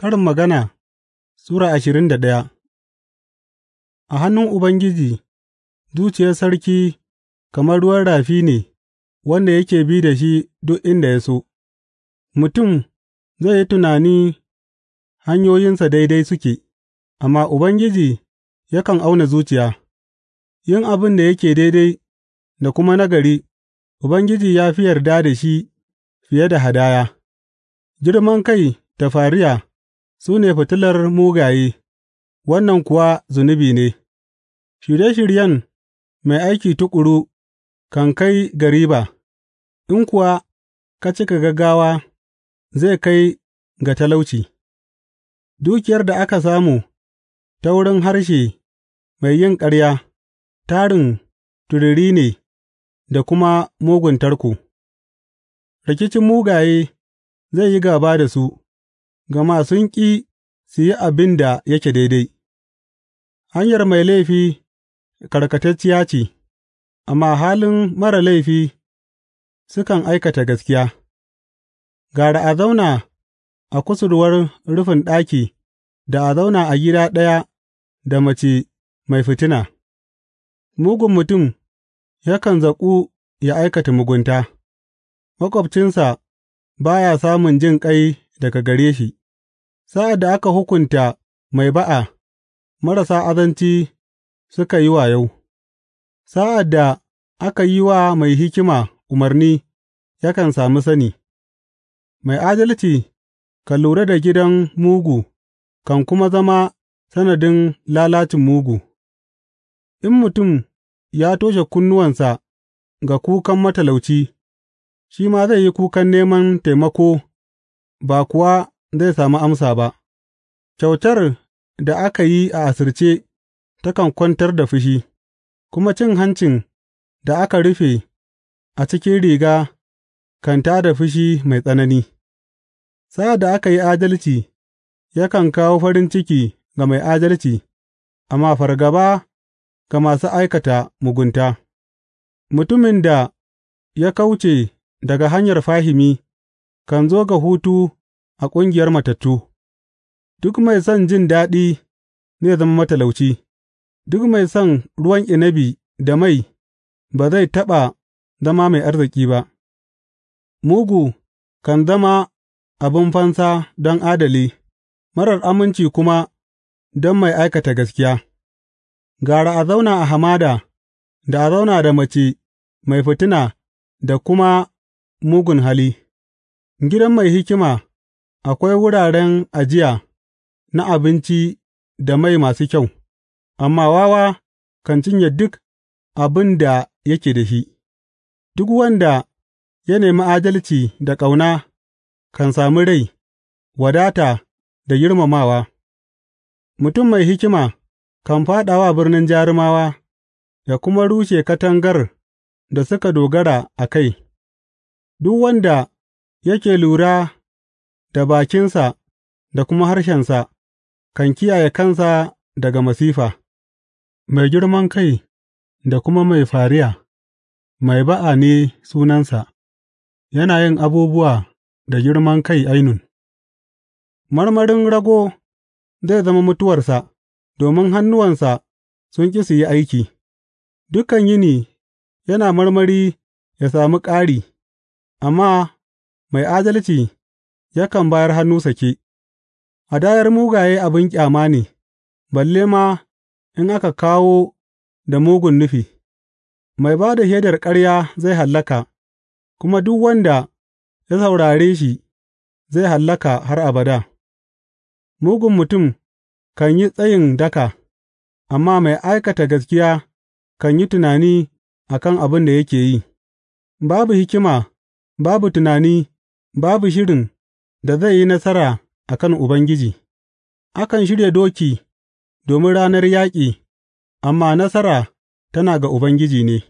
Karin Magana Sura ashirin da daya A hannun Ubangiji zuciyar sarki kamar ruwan rafi ne wanda yake bi da shi duk inda ya so; mutum zai yi tunani hanyoyinsa daidai suke, amma Ubangiji yakan auna zuciya; yin abin da yake daidai da kuma nagari Ubangiji ya fi yarda da shi fiye da hadaya, girman kai da fariya. su ne fitilar mugaye, wannan kuwa zunubi ne; shirye shiryen mai aiki tuƙuru kan kai ga riba, in kuwa ka cika gaggawa zai kai ga talauci; dukiyar da aka samu ta wurin harshe mai yin ƙarya tarin turiri ne da kuma mugun tarko; rikicin mugaye zai yi gaba da su. gama sun ƙi su yi abin da yake daidai; hanyar mai laifi karkatacciya ce, amma halin mara laifi sukan aikata gaskiya; gara a zauna a kusurwar rufin ɗaki da a zauna a gida ɗaya da mace mai fitina, mugun mutum yakan zaƙu ya aikata mugunta, maƙwabcinsa ba ya samun jin ƙai daga gare shi. Sa'ad da aka hukunta mai ba'a, marasa azanci suka yi wayo; sa'ad da aka yi wa mai hikima umarni yakan sami sani; mai adalci kan lura da gidan mugu kan kuma zama sanadin lalacin mugu; in mutum ya toshe kunnuwansa ga kukan matalauci, shi ma zai yi kukan neman taimako ba kuwa zai sami amsa ba; kyautar da aka yi a asirce takan kwantar da fushi, kuma cin hancin da aka rufe a cikin riga kan tā da fushi mai tsanani; sa'ad da aka yi adalci yakan kawo farin ciki ga mai adalci, amma fargaba ga masu aikata mugunta; mutumin da ya kauce daga hanyar fahimi kan zo ga hutu. a ƙungiyar matattu, duk mai son jin daɗi zai zama matalauci, duk mai son ruwan inabi da mai ba zai taɓa zama mai arziki ba, mugu kan zama abin fansa don adali, marar aminci kuma don mai aikata gaskiya. Gara a zauna a hamada da a zauna da mace mai fitina da kuma mugun hali, gidan mai hikima. Akwai wuraren ajiya na abinci da mai masu kyau, amma wawa kan cinye duk abin da yake da shi; duk wanda ya nemi adalci da ƙauna kan sami rai, wadata da girmamawa; mutum mai hikima kan fāɗa wa birnin jarumawa ya kuma rushe katangar da suka dogara a kai; duk wanda yake lura da bakinsa da kuma harshensa kan kiyaye kansa daga masifa, mai girman kai da kuma mai fariya, mai ba'a ne sunansa, yana yin abubuwa da girman kai ainun. Marmarin rago zai zama mutuwarsa, domin hannuwansa sun ƙi su yi aiki, dukan yini yana marmari ya sami ƙari, amma mai adalci. yakan bayar hannu sake Hadayar mugaye abin ƙyama ne, balle ma in aka kawo da mugun nufi; mai ba da shaidar ƙarya zai hallaka, kuma duk wanda ya saurare shi zai hallaka har abada. Mugun mutum kan yi tsayin daka, amma mai aikata gaskiya kan yi tunani a kan abin da yake yi; babu hikima, babu tunani, babu shirin. da zai yi nasara a kan Ubangiji; akan shirya doki domin ranar yaƙi, amma nasara tana ga Ubangiji ne.